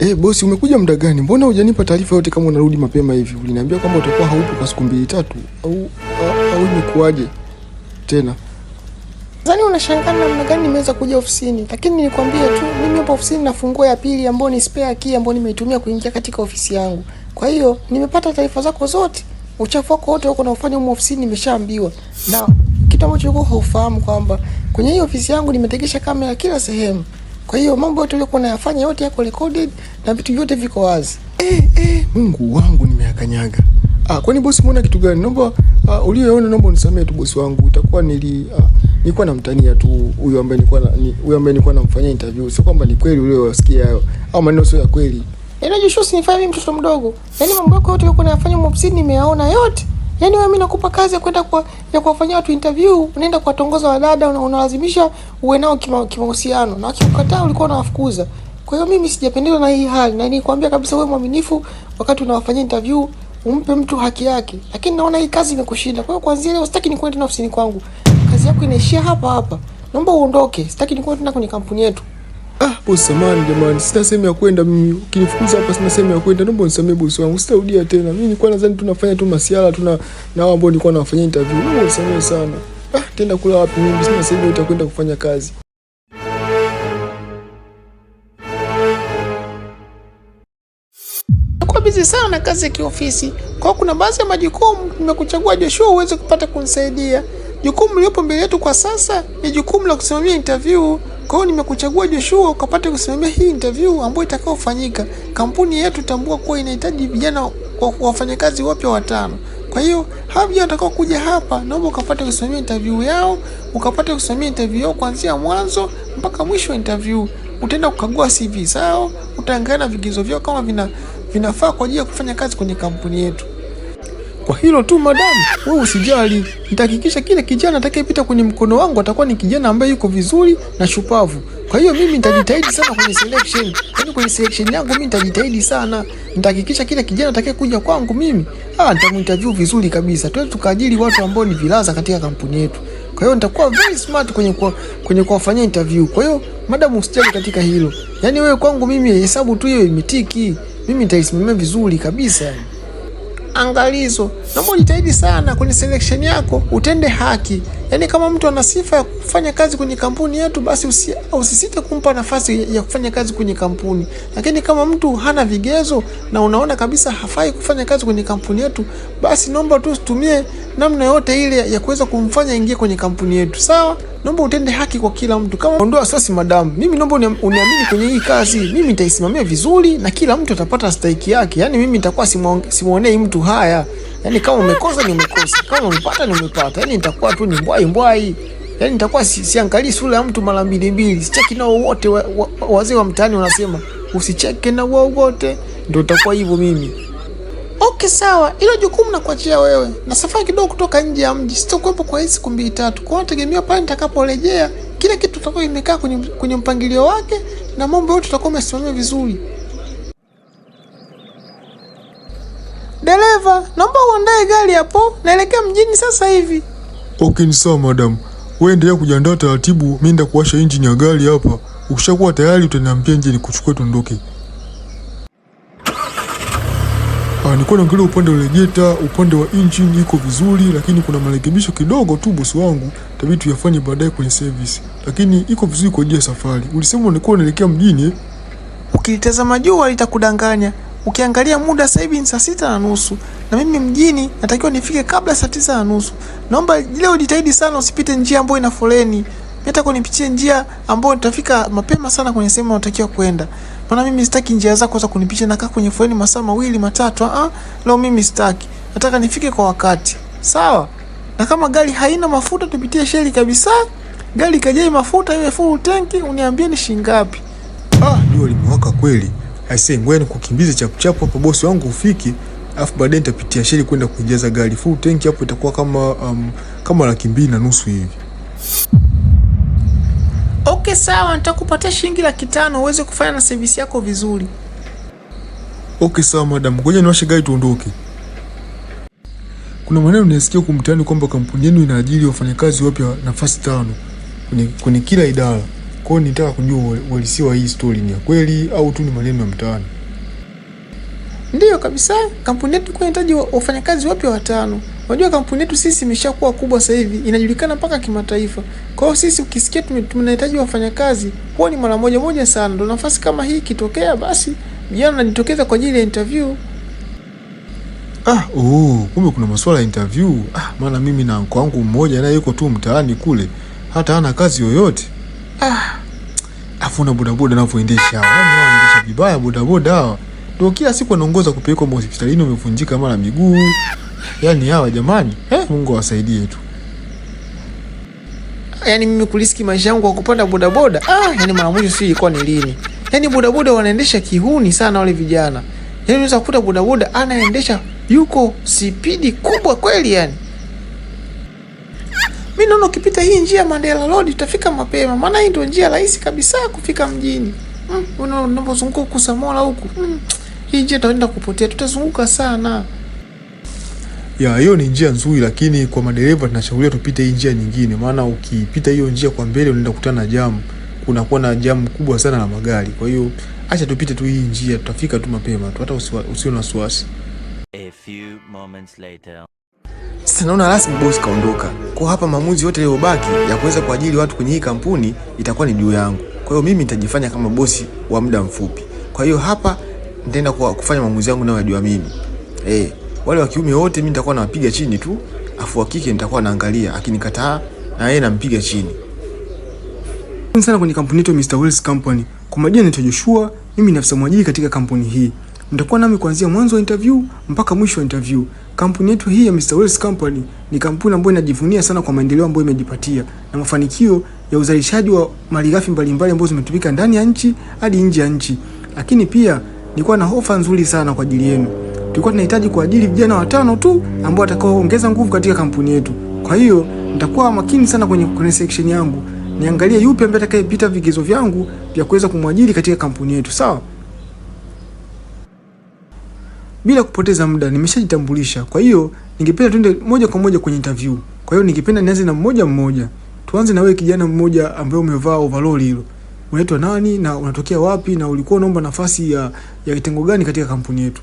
Eh, bosi umekuja muda gani? Mbona hujanipa taarifa yote kama unarudi mapema hivi? Uliniambia kwamba utakuwa haupo kwa siku mbili tatu au au imekuaje tena? Zani unashangaa namna gani nimeweza kuja ofisini? Lakini nilikwambia tu mimi hapa ofisini na funguo ya pili ambayo ni spare key ambayo nimeitumia kuingia katika ofisi yangu. Kwa hiyo nimepata taarifa zako zote. Uchafu wako wote uko unaofanya huko ofisini nimeshaambiwa. Na kitu ambacho uko haufahamu kwamba kwenye hii ofisi yangu nimetegesha kamera kila sehemu. Kwa hiyo mambo yote uliokuwa unayafanya yote yako recorded na vitu vyote viko wazi. Eh, eh, Mungu wangu nimeyakanyaga. Ah, kwani bosi umeona kitu gani? Naomba uh, ah, ulioona naomba unisamee tu bosi wangu. Itakuwa nili uh, nilikuwa namtania tu huyo ambaye nilikuwa huyo ambaye nilikuwa namfanyia interview. Sio kwamba ni kweli uliyosikia hayo au maneno sio ya kweli. Yaani, Joshua, mimi mtoto mdogo. Yaani mambo yako yote uliokuwa unayafanya mobsini nimeyaona yote. Yaani wewe mimi nakupa kazi ya kwenda kwa ya kuwafanyia watu interview, unaenda kuwatongoza wadada, unalazimisha uwe nao kimahusiano, na wakikukataa ulikuwa unawafukuza. Kwa hiyo mimi sijapendezwa na hii hali, na nikwambia kabisa wewe mwaminifu, wakati unawafanyia interview umpe mtu haki yake, lakini naona hii kazi imekushinda. Kwa hiyo kuanzia leo sitaki nikuone tena ofisini kwangu, kazi yako inaishia hapa hapa, naomba uondoke, sitaki nikuone tena kwenye kampuni yetu. Ah, bosi samani jamani, sina sehemu ya kwenda mimi. Ukinifukuza hapa sina sehemu ya kwenda. Naomba unisamee bosi wangu. Sitarudia tena. Mimi nilikuwa nadhani tunafanya tu masiala tuna na wao ambao nilikuwa nawafanyia interview. Naomba unisamee sana. Ah, tenda kula wapi mimi? Sina sehemu utakwenda kufanya kazi. Nakuwa bizi sana na kazi ya kiofisi. Kwa kuna baadhi ya majukumu nimekuchagua Joshua uweze kupata kunisaidia. Jukumu lililopo mbele yetu kwa sasa ni jukumu la kusimamia interview kwa hiyo nimekuchagua Joshua ukapate kusimamia hii interview ambayo itakaofanyika. Kampuni yetu tambua kuwa inahitaji vijana wafanyakazi wapya watano. Kwa hiyo hawa vijana watakao kuja hapa, naomba ukapate kusimamia interview yao, ukapate kusimamia interview yao kuanzia mwanzo mpaka mwisho wa interview. Utaenda kukagua CV zao, utaangalia vigezo vyao kama vina vinafaa kwa ajili ya kufanya kazi kwenye kampuni yetu. Kwa hilo tu madamu, wewe usijali, nitahakikisha kila kijana atakayepita kwenye mkono wangu atakuwa ni kijana ambaye yuko vizuri na shupavu. Kwa hiyo mimi nitajitahidi sana kwenye selection, yaani kwenye selection yangu mimi nitajitahidi sana, nitahakikisha kila kijana atakayekuja kwangu mimi, ah, nitaminterview vizuri kabisa, tuwe tukaajiri watu ambao ni vilaza katika kampuni yetu. Kwa hiyo nitakuwa very smart kwenye kwa, kwenye kuwafanyia interview. Kwa hiyo madam, usijali katika hilo, yaani wewe kwangu mimi hesabu tu hiyo imetiki, mimi nitaisimamia vizuri kabisa. yani angalizo. Naomba ujitahidi sana kwenye selection yako, utende haki. Yaani kama mtu ana sifa kufanya kazi kwenye kampuni yetu, basi usi, usisite kumpa nafasi ya kufanya kazi kwenye kampuni. Lakini kama mtu hana vigezo na unaona kabisa hafai kufanya kazi kwenye kampuni yetu, basi naomba tu usitumie namna yote ile ya kuweza kumfanya ingie kwenye kampuni yetu, sawa? Naomba utende haki kwa kila mtu. Kama ondoa wasiwasi, madam, mimi naomba uniamini kwenye hii kazi, mimi nitaisimamia vizuri na kila mtu atapata stahiki yake. Yani mimi nitakuwa simwonei mtu haya. Yani kama umekosa ni umekosa, kama umepata ni umepata, yani nitakuwa tu ni mbwai mbwai yani nitakuwa siangalii sura ya mtu mara mbili mbili, sicheki na wote. Wazee wa mtaani wanasema usicheke na wowote, ndio utakuwa hivyo mimi. Okay, sawa, ilo jukumu nakuachia wewe, na safari kidogo kutoka nje ya mji, sitakuwepo kwa hii siku mbili tatu. Kwa hiyo nategemea pale nitakaporejea kila kitu tutakuwa imekaa kwenye, kwenye mpangilio wake na mambo yote tutakuwa umesimamia vizuri. Dereva, naomba uandae gari hapo, naelekea mjini sasa hivi. Okay, ni sawa madam. Wewe endelea kujiandaa taratibu, mimi nenda kuwasha injini ya gari hapa. Ukishakuwa tayari utaniambia nje nikuchukue tuondoke. Ah, nilikuwa naangalia upande wa rejeta, upande wa injini iko vizuri, lakini kuna marekebisho kidogo tu bosi wangu, tabii tuyafanye baadaye kwenye service. Lakini iko vizuri kwa ajili ya safari. Ulisema unakuwa unaelekea mjini? Ukilitazama jua litakudanganya ukiangalia muda sasa hivi ni saa sita na nusu na mimi mjini natakiwa nifike kabla saa tisa na nusu. Naomba leo jitahidi sana, usipite njia ambayo ina foleni. Hata kwa nipitie njia ambayo nitafika mapema sana kwenye sehemu natakiwa kwenda, maana mimi sitaki njia zako za kunipitia, na kaa kwenye foleni masaa mawili matatu. Ah, leo mimi sitaki, nataka nifike kwa wakati. Sawa, na kama gari haina mafuta tupitie sheli kabisa, gari kajai mafuta ile full tanki, uniambie ni shilingi ngapi? Ah, jua limewaka kweli aisee, ngoja nikukimbize chapuchapu hapa bosi wangu ufiki, afu baadaye nitapitia sheli kwenda kujaza gari full tank, hapo itakuwa kama um, kama laki mbili na nusu hivi. Okay, sawa, nitakupatia shilingi laki tano uweze kufanya na service yako vizuri. Okay, sawa madam, ngoja niwashe gari tuondoke. Kuna maneno nisikia kumtani kwamba kampuni yenu inaajiri wafanyakazi wapya nafasi tano kwenye kila idara. Kwa hiyo nitaka kujua uhalisia hii story ni ya kweli au tu ni maneno ya mtaani. Ndiyo kabisa, kampuni yetu kwa inahitaji wafanyakazi wapya watano. Unajua kampuni yetu sisi imeshakuwa kubwa sasa hivi, inajulikana mpaka kimataifa. Kwa hiyo sisi ukisikia tunahitaji wafanyakazi, huwa ni mara moja moja sana. Ndio nafasi kama hii ikitokea basi vijana wanajitokeza kwa ajili ya interview. Ah, oh, kumbe kuna masuala ya interview. Ah, maana mimi na anko wangu mmoja naye yuko tu mtaani kule. Hata hana kazi yoyote. Ah. Afuna bodaboda anavyoendesha anaendesha vibaya bodaboda hawa. Ndio kila siku anaongoza kupelekwa hospitalini, umevunjika mara miguu. Yaani hawa jamani, eh, Mungu awasaidie tu. Ah, yaani mimi kuliski maisha yangu kwa kupanda bodaboda. Ah, yaani mara mwisho si ilikuwa ni lini? Yaani bodaboda wanaendesha kihuni sana wale vijana. Yaani unaweza kukuta bodaboda anaendesha yuko sipidi kubwa kweli yani naona ukipita hii njia Mandela Road utafika mapema, maana hii ndio njia rahisi kabisa kufika mjini. Mm, unapozunguka huku Samora huku mm, hii njia tutaenda kupotea, tutazunguka sana. Ya, hiyo ni njia nzuri, lakini kwa madereva tunashauriwa tupite hii njia nyingine, maana ukipita hiyo njia kwa mbele unaenda kukutana na jamu, kunakuwa na jamu kubwa sana la magari. Kwa hiyo acha tupite tu hii njia, tutafika tu mapema tu, hata usio na wasiwasi. A few moments later. Sasa naona rasmi bosi kaondoka, kwa hapa maamuzi yote yaliyobaki ya kuweza kuajiri watu kwenye hii kampuni itakuwa ni juu yangu. Kwa hiyo mimi nitajifanya kama bosi wa muda mfupi. Kwa hiyo hapa nitaenda kufanya maamuzi yangu nayojua mimi eh, Wale wa kiume wote mimi nitakuwa nawapiga chini tu, afu wa kike nitakuwa naangalia, akinikataa na yeye nampiga chini sana. Kwenye kampuni yetu Mr. Wells Company, kwa majina naitwa Joshua, mimi ni afisa mwajiri katika kampuni hii. Mtakuwa nami kuanzia mwanzo wa interview mpaka mwisho wa interview. Kampuni yetu hii ya Mr. Wells Company ni kampuni ambayo inajivunia sana kwa maendeleo ambayo imejipatia na mafanikio ya uzalishaji wa malighafi mbalimbali ambazo zimetumika ndani ya nchi hadi nje ya nchi. Lakini pia nilikuwa na ofa nzuri sana kwa ajili yenu. Tulikuwa tunahitaji kwa ajili vijana watano tu ambao watakaoongeza nguvu katika kampuni yetu. Kwa hiyo nitakuwa makini sana kwenye, kwenye section yangu. Niangalie yupi ambaye atakayepita vigezo vyangu vya kuweza kumwajiri katika kampuni yetu. Sawa? bila kupoteza muda nimeshajitambulisha. Kwa hiyo ningependa tuende moja kwa moja kwenye interview. Kwa hiyo ningependa nianze na mmoja mmoja. Tuanze na wewe kijana mmoja ambaye umevaa overall hilo. Unaitwa nani na unatokea wapi na ulikuwa unaomba nafasi ya ya kitengo gani katika kampuni yetu?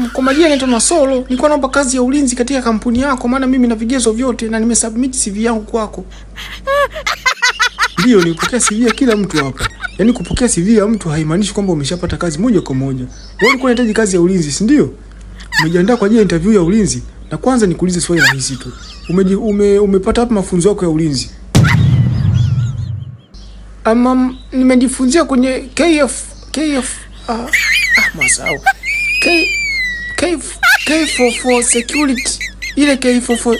Um, kwa majina naitwa Masolo, nilikuwa naomba kazi ya ulinzi katika kampuni yako maana mimi na vigezo vyote na nimesubmit CV yangu kwako. Ndio, nilipokea CV ya kila mtu hapa. Yaani kupokea CV ya mtu haimaanishi kwamba umeshapata kazi moja kwa moja. Wewe ulikuwa unahitaji kazi ya ulinzi, si ndio? Umejiandaa kwa ajili ya interview ya ulinzi na kwanza nikuulize swali rahisi tu. Ume, ume, umepata hapa mafunzo yako ya ulinzi? Ama nimejifunzia kwenye KF KF ah, ah masao. K K K 44 security. Ile K 44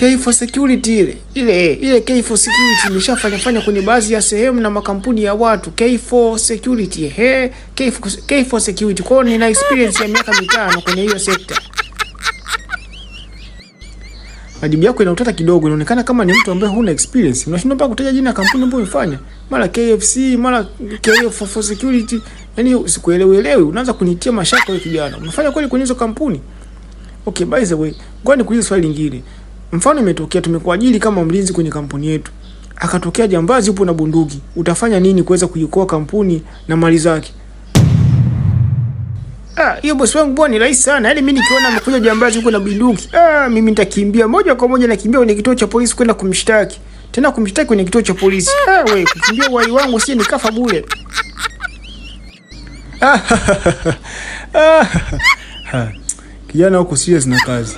K 4 security ile ile ile K 4 security imeshafanya fanya kwenye baadhi ya sehemu na makampuni ya watu. K 4 security he K 4 K for security. Kwao nina experience ya miaka mitano kwenye hiyo sekta. Majibu yako ina utata kidogo, inaonekana kama ni mtu ambaye huna experience. Unashindwa mpaka kutaja jina ya kampuni ambayo umefanya, mara KFC mara K 4 security. Yani sikuelewi elewi, unaanza kunitia mashaka wewe kijana. Umefanya kweli kwenye hizo kampuni? Okay, by the way, ngoja nikuulize swali lingine. Mfano imetokea tumekuajili kama mlinzi kwenye kampuni yetu, akatokea jambazi upo na bunduki, utafanya nini kuweza kuiokoa kampuni na mali zake? Ah, hiyo ah, bosi wangu bwana, ni rahisi sana. Yaani mimi nikiona amekuja jambazi huko na bunduki, ah, mimi nitakimbia moja kwa moja, nakimbia kwenye kituo cha polisi kwenda kumshtaki, tena kumshtaki kwenye kituo cha polisi. Ah, wewe kukimbia uhai wangu, si nikafa bure. Ah, ah, ah, ah, ah. Kijana huko serious na kazi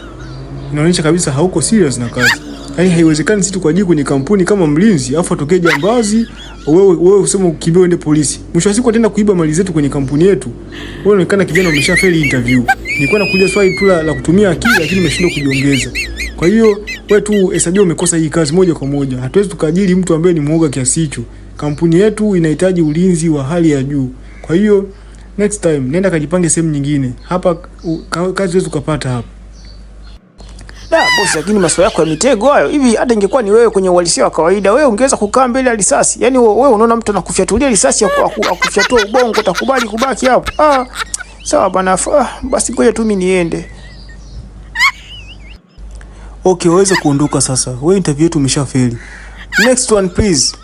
inaonyesha kabisa hauko serious na kazi. Yaani haiwezekani sisi tukuajiri kwenye kampuni kama mlinzi afu atokee jambazi wewe wewe useme ukimbie uende polisi. Mwisho wa siku atenda kuiba mali zetu kwenye kampuni yetu. Wewe unaonekana kijana umeshafeli interview. Nilikuwa nakuja swali tu la la kutumia akili lakini umeshindwa kujiongeza. Kwa hiyo wewe tu hesabu umekosa hii kazi moja kwa moja. Hatuwezi tukaajiri mtu ambaye ni muoga kiasi hicho. Kampuni yetu inahitaji ulinzi wa hali ya juu. Kwa hiyo next time nenda kajipange sehemu nyingine. Hapa kazi huwezi ukapata hapa. Da bosi, lakini maswala yako ya mitego hayo, hivi hata ingekuwa ni wewe kwenye uhalisia wa kawaida, wewe ungeweza kukaa mbele ya risasi? Yaani wewe unaona mtu anakufyatulia risasi ya akufyatua ubongo, utakubali kubaki hapo? Ah, sawa bwana, basi ngoja tu mimi niende. Okay, waweza kuondoka sasa. Wewe interview yetu umeshafeli. Next one please.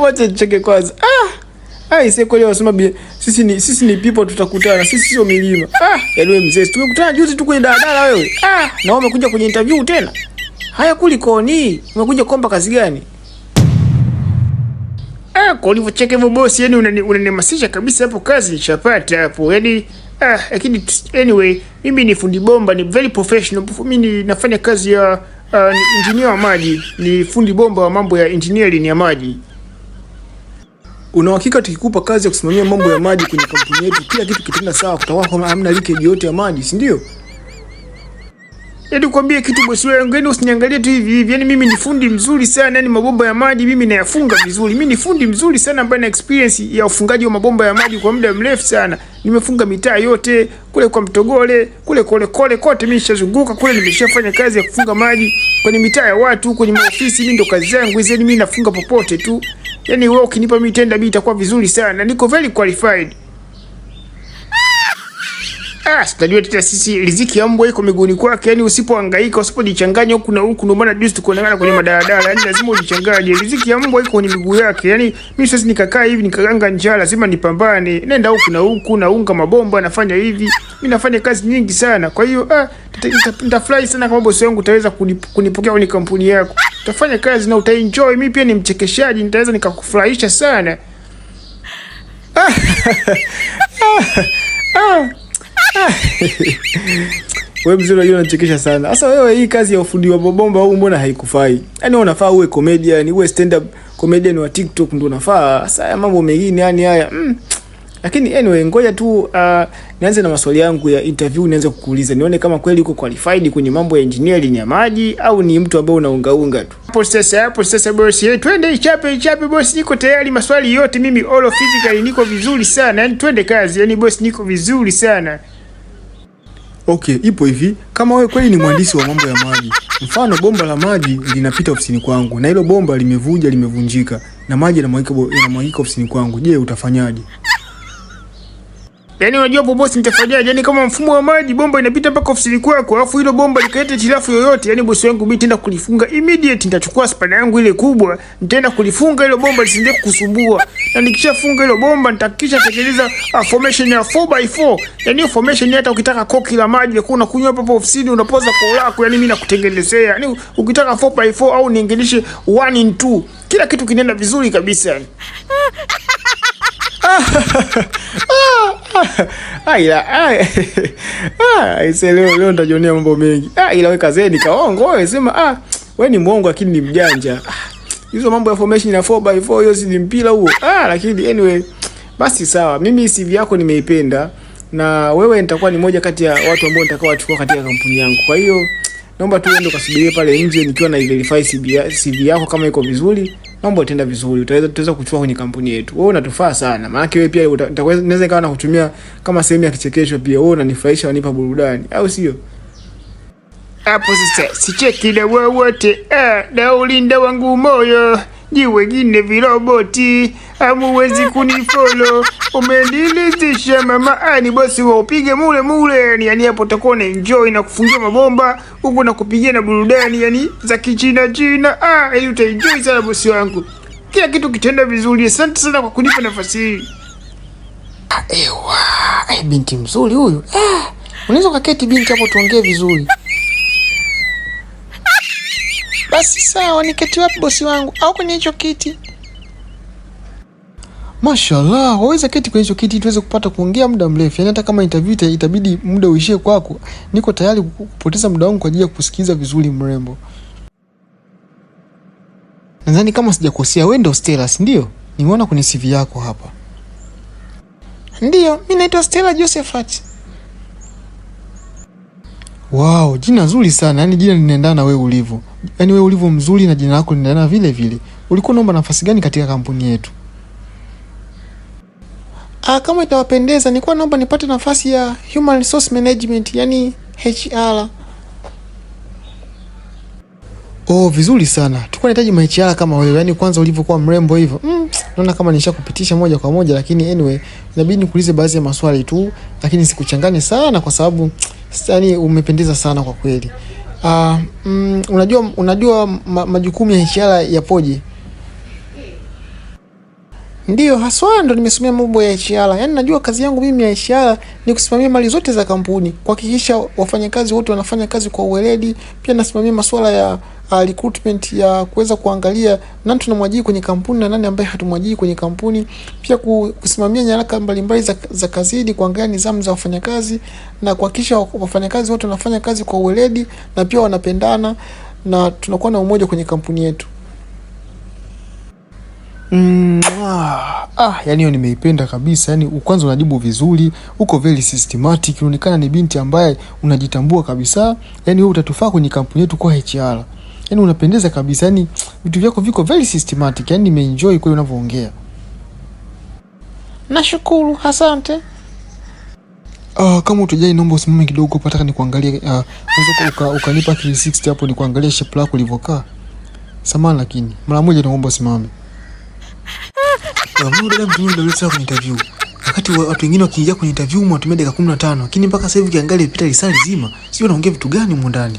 Wacha nicheke kwanza. Ah. Ai, ah, sasa kweli wanasema sisi ni sisi ni people tutakutana. Sisi sio milima. Ah, yaani wewe mzee, tumekutana juzi tu kwenye daladala wewe. Ah, na wewe umekuja kwenye interview tena. Haya kulikoni? Umekuja kuomba kazi gani? Ah, kwa ulivyocheka hivyo bosi, yani unanihamasisha kabisa hapo kazi nishapata hapo. Yaani ah, lakini anyway, mimi ni fundi bomba, ni very professional. Mimi nafanya kazi ya uh, engineer wa maji, ni fundi bomba wa mambo ya engineering ya maji. Una uhakika tukikupa kazi ya kusimamia mambo ya maji kwenye kampuni yetu, kila kitu kitenda sawa, kutakuwa hamna leakage yote ya maji, si Yaani kuambia kitu bosi wangu, yaani usiniangalie tu hivi hivi. Yaani mimi ni fundi mzuri sana, yaani mabomba ya maji mimi nayafunga vizuri. Mimi ni fundi mzuri sana ambaye na experience ya ufungaji wa mabomba ya maji kwa muda mrefu sana. Nimefunga mitaa yote, kule kwa Mtogole, kule kule kule kote mimi nishazunguka kule, nimeshafanya kazi ya kufunga maji kwenye mitaa ya watu, kwenye maofisi, mimi ndo kazi zangu hizo, yaani mimi nafunga popote tu. Yaani wewe ukinipa mimi tenda, mimi itakuwa vizuri sana. Niko very qualified. Ah, sitajua tita sisi riziki ya mbwa iko miguuni kwake, yani usipohangaika, usipojichanganya huku na huku, ndio maana juzi tukonangana kwenye madaladala, yani lazima ujichanganye. Riziki ya mbwa iko kwenye miguu yake, yani mimi sasa nikakaa hivi nikaganga njaa, lazima nipambane, nenda huku na huku, naunga mabomba, nafanya hivi, mimi nafanya kazi nyingi sana. Kwa hiyo ah, nitafurahi sana kama bosi wangu utaweza kunipokea kwenye kampuni yako, utafanya kazi na utaenjoy. Mimi pia ni mchekeshaji, nitaweza nikakufurahisha sana. ah, ah, ah. Wewe mzee unajua unachekesha sana. Sasa wewe hii kazi ya ufundi wa bomba huu mbona haikufai? Yaani unafaa uwe comedian, uwe stand up comedian wa TikTok ndio unafaa. Sasa haya mambo mengine yani haya. Mm. Lakini anyway ngoja tu uh, nianze na maswali yangu ya interview nianze kukuuliza. Nione kama kweli uko qualified kwenye mambo ya engineering ya maji au ni mtu ambaye unaunga unga tu. Hapo sasa, hapo sasa boss. hey, eh, Twende chape chape boss, niko tayari maswali yote mimi all of physical niko vizuri sana. Yaani twende kazi. Yaani boss niko vizuri sana. Okay, ipo hivi, kama wewe kweli ni mhandisi wa mambo ya maji, mfano bomba la maji linapita ofisini kwangu na hilo bomba limevuja, limevunjika na maji yanamwagika ofisini kwangu, je, utafanyaje? Yaani unajua hapo bosi nitafanyaje? Yaani kama mfumo wa maji bomba inapita mpaka ofisini kwako, alafu hilo bomba likaleta hitilafu yoyote, yaani bosi wangu mimi nitaenda kulifunga immediate, nitachukua spana yangu ile kubwa, nitaenda kulifunga hilo bomba lisiende kukusumbua. Na nikishafunga hilo bomba nitahakikisha tekeleza ah, formation ya 4x4. Yaani formation hata ukitaka koki la maji yako unakunywa hapo hapo ofisini unapoza kwa lako, yaani mimi nakutengenezea. Yaani ukitaka 4x4 au niingilishe 1 in 2. Kila kitu kinaenda vizuri kabisa yani. Ah, ah, ah, leo nitajionea mambo mengi, ah, ila we kazeni kaongo wewe, sema ah, we ni mwongo lakini ni mjanja. Hizo mambo ya formation na 4x4 hiyo si ni mpira huo. Ah, lakini anyway basi sawa, mimi CV yako nimeipenda na wewe nitakuwa ni moja kati ya watu ambao nitakao wachukua katika kampuni yangu. Kwa hiyo naomba tu uende ukasubirie pale nje nikiwa na verify CV yako kama iko vizuri mambo yataenda vizuri, utaweza tuweza kuchukua kwenye kampuni yetu. Wewe unatufaa sana, maana wewe pia utaweza ikawa na kutumia kama sehemu ya kichekesho pia. Wewe unanifurahisha, wanipa burudani, au sio? Hapo sasa sichekile eh na ulinda wangu moyo Je, wengine viroboti amuwezi kunifolo umenilizisha mama ani bosi wa upige mule mule ni yani, hapo utakuwa na enjoy na kufungia mabomba huku na kupigia na burudani yani za kichina china. Ah, ili utaenjoy sana bosi wangu, kila kitu kitenda vizuri. Asante sana kwa kunipa nafasi hii. Ah, ewa, eh, binti mzuri huyu. Ah, unaweza ukaketi binti hapo tuongee vizuri. Basi sawa, niketi wapi bosi wangu, au kwenye hicho kiti? Mashallah, waweza keti kwenye hicho kiti tuweze kupata kuongea muda mrefu. Yaani hata kama interview itabidi muda uishie kwako, niko tayari kupoteza muda wangu kwa ajili ya kusikiliza vizuri mrembo. Nadhani kama sijakosea, wewe ndio Stella, si ndio? Nimeona kwenye CV yako hapa. Ndiyo, mimi naitwa Stella Josephat. Wow, jina zuri sana. Yaani jina linaendana na wewe ulivyo. Yaani wewe ulivyo mzuri na jina lako linaendana vile vile. Ulikuwa unaomba nafasi gani katika kampuni yetu? Ah, kama itawapendeza nilikuwa naomba nipate nafasi ya Human Resource Management, yani HR. Oh, vizuri sana. Tulikuwa nahitaji ma HR kama wewe. Yaani kwanza ulivyokuwa mrembo hivyo. Mm, naona kama nishakupitisha moja kwa moja, lakini anyway, inabidi nikuulize baadhi ya maswali tu, lakini sikuchanganye sana kwa sababu yani umependeza sana kwa kweli. Uh, mm, unajua unajua ma, majukumu ya HR yapoje? Ndiyo haswa ndo nimesomea mambo ya HR. Yaani najua kazi yangu mimi ya HR ni kusimamia mali zote za kampuni, kuhakikisha wafanyakazi wote wanafanya kazi kwa uweledi, pia nasimamia masuala ya uh, recruitment ya kuweza kuangalia nani tunamwajiri kwenye kampuni na nani ambaye hatumwajiri kwenye kampuni, pia kusimamia nyaraka mbalimbali za, za kazini, kuangalia nidhamu za wafanyakazi na kuhakikisha wafanyakazi wote wanafanya kazi kwa uweledi na pia wanapendana na tunakuwa na umoja kwenye kampuni yetu. Mm, ah, ah, yani hiyo nimeipenda kabisa. Yani kwanza unajibu vizuri, uko very systematic, unaonekana ni binti ambaye unajitambua kabisa. Yani wewe utatufaa kwenye kampuni yetu kwa HR yani unapendeza kabisa, yani vitu vyako viko very systematic, yani nimeenjoy kweli unavyoongea. Nashukuru, asante. Uh, kama utojai naomba usimame kidogo hapa, nataka nikuangalie. Uh, ukanipa uka 360 hapo nikuangalie shape lako ilivyokaa. samani lakini mara moja naomba usimame. Ah, interview wakati watu wengine wakiingia kwenye interview mwatumia dakika 15, lakini mpaka sasa hivi ukiangalia ilipita risali zima, sio naongea vitu gani humo ndani?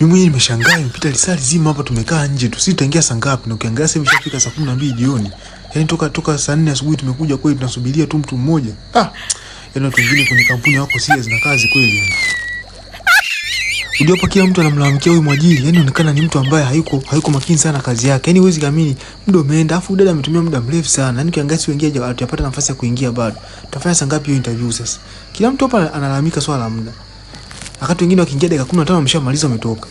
Mimi mwenyewe nimeshangaa imepita lisali zima hapa tumekaa nje tu. Sisi tutaingia saa ngapi? Na ukiangalia sasa hivi ishafika saa mbili jioni. Yaani toka toka saa 4 asubuhi tumekuja kweli tunasubiria tu mtu mmoja. Ah. Yaani watu wengine kwenye kampuni wako serious na kazi kweli. Yaani unajua hapa kila mtu anamlalamikia huyu mwajiri. Yaani inaonekana ni mtu ambaye hayuko hayuko makini sana kazi yake. Yaani huwezi kuamini muda umeenda afu dada ametumia muda mrefu sana. Yaani ukiangalia si wengine hawajapata nafasi ya kuingia bado. Tutafanya saa ngapi hiyo interview sasa? Kila mtu hapa analalamika swala la muda. Wakati wengine wakiingia dakika 15 wameshamaliza wametoka.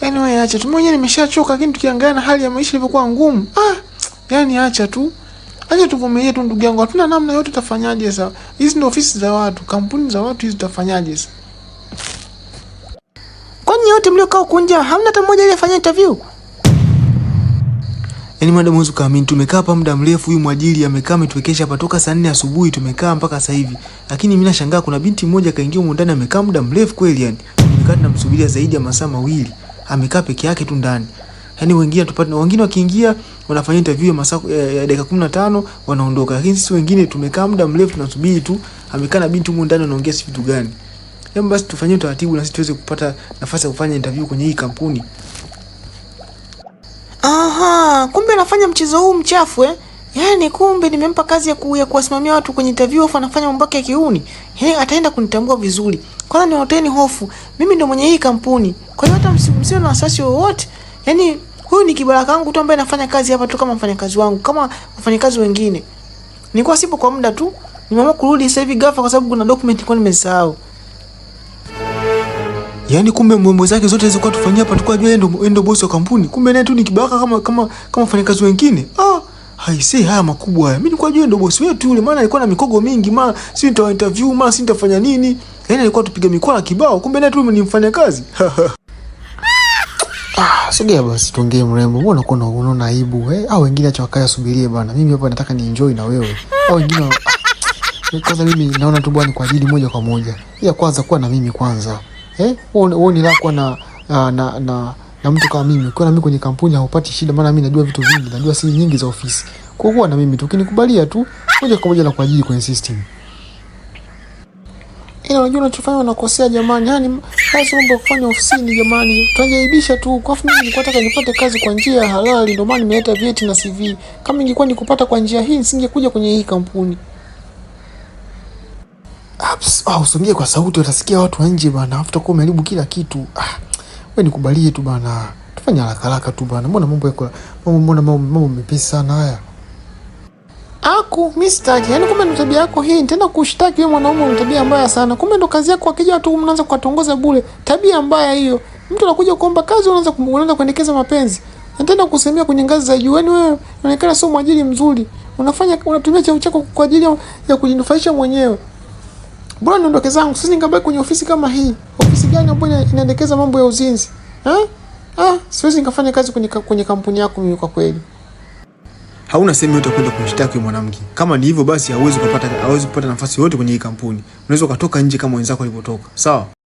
Yaani wewe acha tu. Mwenyewe nimeshachoka lakini tukiangalia na hali ya maisha ilivyokuwa ngumu. Ah, yaani acha tu. Acha tuvumilie tu ndugu yangu. Hatuna namna yote tutafanyaje sasa? Hizi ndio ofisi za watu, kampuni za watu hizi tutafanyaje sasa? Kwani yote mliokaa huku nje hamna hata mmoja aliyefanya interview? Yaani madam huwezi kuamini tumekaa hapa muda mrefu huyu mwajili amekaa ametuwekesha hapa toka saa 4 asubuhi tumekaa mpaka sasa hivi. Lakini mimi nashangaa kuna binti mmoja kaingia huko ndani amekaa muda mrefu kweli yani. Tumekaa tunamsubiria zaidi ya masaa mawili. Amekaa peke yake tu ndani. Yaani wengine tupate wengine wakiingia wanafanya interview ya masaa eh, ya dakika 15 wanaondoka. Lakini sisi wengine tumekaa muda mrefu tunasubiri tu. Amekaa na binti huko ndani anaongea si vitu gani. Hebu yaani basi tufanyie utaratibu na sisi tuweze kupata nafasi ya kufanya interview kwenye hii kampuni. Aha, kumbe anafanya mchezo huu mchafu eh? Yaani kumbe nimempa kazi ya, ku, ya kuwasimamia watu kwenye interview afu anafanya mambo yake kiuni. Yaani ataenda kunitambua vizuri. Kwanza niwateni hofu. Mimi ndio mwenye hii kampuni. Kwa hiyo hata msio na wasiwasi wowote. Yaani huyu ni kibara kangu tu ambaye anafanya kazi hapa tu kama mfanyakazi wangu, kama wafanyakazi wengine. Nilikuwa sipo kwa muda tu. Nimeamua kurudi sasa hivi ghafla kwa sababu kuna document kwa nimesahau. Yaani kumbe mambo zake zote zilikuwa tufanyia hapa tukua yeye ndo ndo bosi wa kampuni. Kumbe naye tu ni kibaka kama kama kama wafanyakazi wengine. Ah, haisei haya makubwa haya. Mimi nilikuwa jua ndo bosi wetu yule maana alikuwa na mikogo mingi maana si nita interview maana si nitafanya nini. Yaani alikuwa tupiga mikwala kibao. Kumbe naye tu ni mfanyakazi. Ah, sogea basi tuongee mrembo. Mbona unakuwa unaona aibu eh? Au wengine acha wakaya subirie bwana. Mimi hapa nataka ni enjoy na wewe. Au wengine kwanza mimi naona tu bwana kwa ajili moja kwa moja. Ya kwanza kuwa na mimi kwanza. Eh? Wewe ni lako na na, na na na mtu kama mimi. Ukiwa na mimi kwenye kampuni haupati shida, maana mimi najua vitu vingi, najua siri nyingi za ofisi. Kwa kuwa na mimi tu ukinikubalia tu moja kwa moja na kuajiri kwenye system. Ila unajua unachofanya unakosea jamani. Yani kazi mambo kufanya ofisini jamani. tunajaribisha tu. Kwa afu mimi nilikuwa nataka nipate kazi kwa njia halali, ndio maana nimeleta vyeti na CV. Kama ningekuwa nikupata kwa njia hii, nisingekuja kwenye hii kampuni. Ah, usongee kwa sauti utasikia watu wa nje bana. Afuta kwa umeharibu kila kitu. Ah, wewe nikubalie tu bana. Tufanye haraka haraka tu bana. Mbona mambo yako? Mambo mbona mambo mepesi sana haya? Aku, mimi sitaki. Yaani kumbe ndo tabia yako hii. Nitaenda kushtaki wewe mwanaume una tabia mbaya sana. Kumbe ndo kazi yako akija watu mnaanza kuwatongoza bure. Tabia mbaya hiyo. Mtu anakuja kuomba kazi unaanza unaanza kuendekeza mapenzi. Nitaenda kusemea kwenye ngazi za juu. Yani wewe unaonekana sio mwajiri mzuri. Unafanya unatumia cheo chako kwa ajili ya kujinufaisha mwenyewe. Mbona niondoke zangu? sisi nikabaki kwenye ofisi kama hii. Ofisi gani ambayo inaendekeza mambo ya uzinzi? eh Ah, siwezi nikafanya kazi kwenye, kwenye kampuni yako mimi kwa kweli. Hauna sehemu yote kwenda kumshtaki mwanamke. Kama ni hivyo basi hauwezi kupata hauwezi kupata nafasi yoyote kwenye hii kampuni. Unaweza ukatoka nje kama wenzako walipotoka. Sawa?